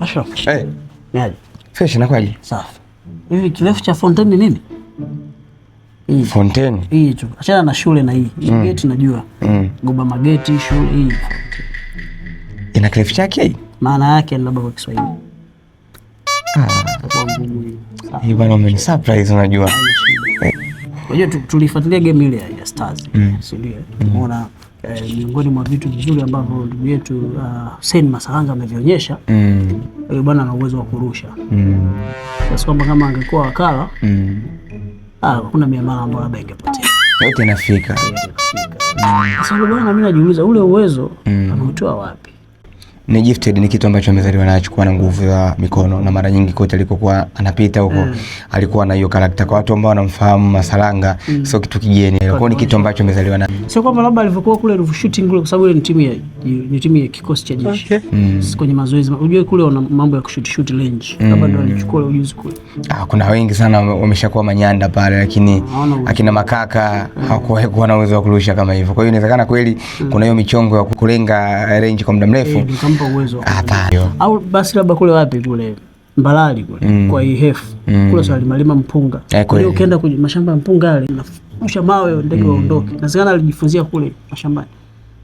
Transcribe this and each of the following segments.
Ashraf. Eh. Hey. Niaje? Fresh na kweli. Safi. Hivi kirefu cha Fontaine nini? Hii Fontaine. Hii tu. Achana na shule na hii. Mm. Geti najua. Mm. Goba mageti shule hii. Ina kirefu chake hii? Maana yake ni labda kwa Kiswahili. Ah. Hii bwana umeni surprise unajua. Eh. Unajua tulifuatilia game ile ya Stars. Mm. Sio ndio? Mm. Tumeona eh, miongoni mwa vitu vizuri ambavyo ndugu yetu uh, Hussein amevionyesha mm. Huyo bwana ana uwezo wa kurusha mm. Sasa kwamba kama angekuwa wakala mm. Ah, kuna miamala ambayo labda ingepotea yote inafika. Sasa bwana, mimi najiuliza ule uwezo mm. anautoa wapi? ni gifted, ni kitu ambacho amezaliwa nacho, kuwa na nguvu za mikono, na mara nyingi kote alikokuwa anapita huko mm. alikuwa na hiyo character. Kwa watu ambao wanamfahamu Masalanga mm. sio kitu kigeni, ilikuwa ni kitu ambacho amezaliwa nacho, sio kwamba labda alivyokuwa kule Ruvu shooting kule, kwa sababu ile ni timu ya ni timu ya kikosi cha jeshi okay. mm. kwenye mazoezi, unajua kule wana mambo ya kushoot shoot range mm. labda ndio alichukua ile ujuzi kule. Ah, kuna wengi sana wameshakuwa manyanda pale, lakini ah, akina makaka mm. hawakuwahi kuwa na uwezo wa kurusha kama hivyo. Kwa hiyo inawezekana kweli mm. kuna hiyo michongo ya kulenga range kwa muda mrefu mm kumpa uwezo hapana. Au basi labda kule wapi kule Mbalali kule mm. kwa ihefu mm. kule swali malima mpunga eh, kwa hiyo ukienda kwenye mashamba ya mpunga yale unafusha mawe ndege mm. waondoke, na alijifunzia kule mashambani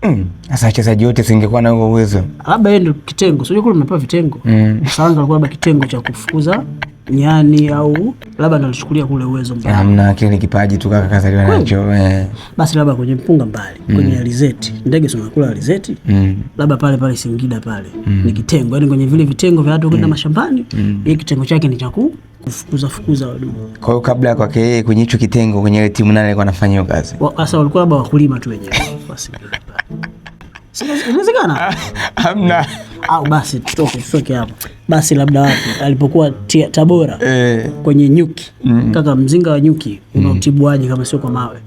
Mm. Asa wachezaji wote singekuwa na huo uwezo, labda yeye ndio kitengo sio kule mmepewa vitengo mm. Saranga alikuwa labda kitengo cha kufukuza nyani au labda alichukulia kule uwezo mbaya. Hamna kile kipaji tu kaka kazaliwa nacho. Eh. Basi labda kwenye mpunga mbali, mm. kwenye alizeti. Ndege nakula alizeti. Mm. Labda pale pale Singida pale. Mm. Ni kitengo, yaani kwenye vile vitengo vya watu kwenda mm. mashambani, mm. kitengo chake ni cha kufukuza fukuza wadudu. Kwa hiyo kabla kwake kwenye hicho kitengo kwenye ile timu nane alikuwa anafanyia kazi. Sasa walikuwa labda wakulima tu wenyewe. Basi. Inawezekana ah, hamna au basi tutoke tutoke hapo basi, labda wapi alipokuwa Tabora eh. kwenye nyuki mm. Kaka, mzinga wa nyuki mm. unautibuaje kama sio kwa mawe?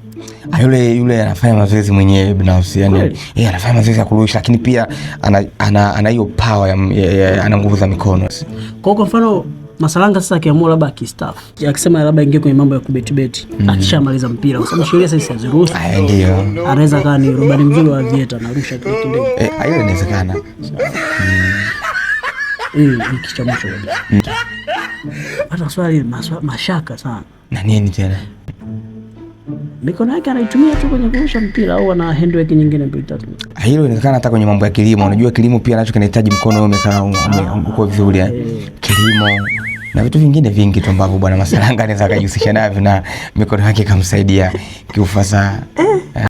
Ah, yule yule anafanya mazoezi mwenyewe binafsi yani, yeye eh, anafanya mazoezi ya kurusha, lakini pia ana hiyo ana, ana, ana power, ana nguvu za mikono. Kwa kwa mfano Masalanga sasa akiamua labda akistaff, akisema labda ingie kwenye mambo ya kubetibeti mm. akishamaliza mpira, kwa sababu sheria sasa haziruhusu, ndio anaweza akawa ni rubani mzuri wa vieta na Arusha kile kile. Eh, inawezekana. Eh, Hata swali mashaka sana. Na nini tena? mikono yake anaitumia tu kwenye kurusha mpira au ana handwork nyingine mbili tatu. Ah, hilo inaonekana hata kwenye mambo ya kilimo, unajua kilimo pia nacho kinahitaji mkono umekaa uko um, ah. vizuri eh, kilimo na vitu vingine vingi tu ambavyo bwana Masalanga anaweza akajihusisha navyo na mikono yake ikamsaidia kiufasaha. Eh.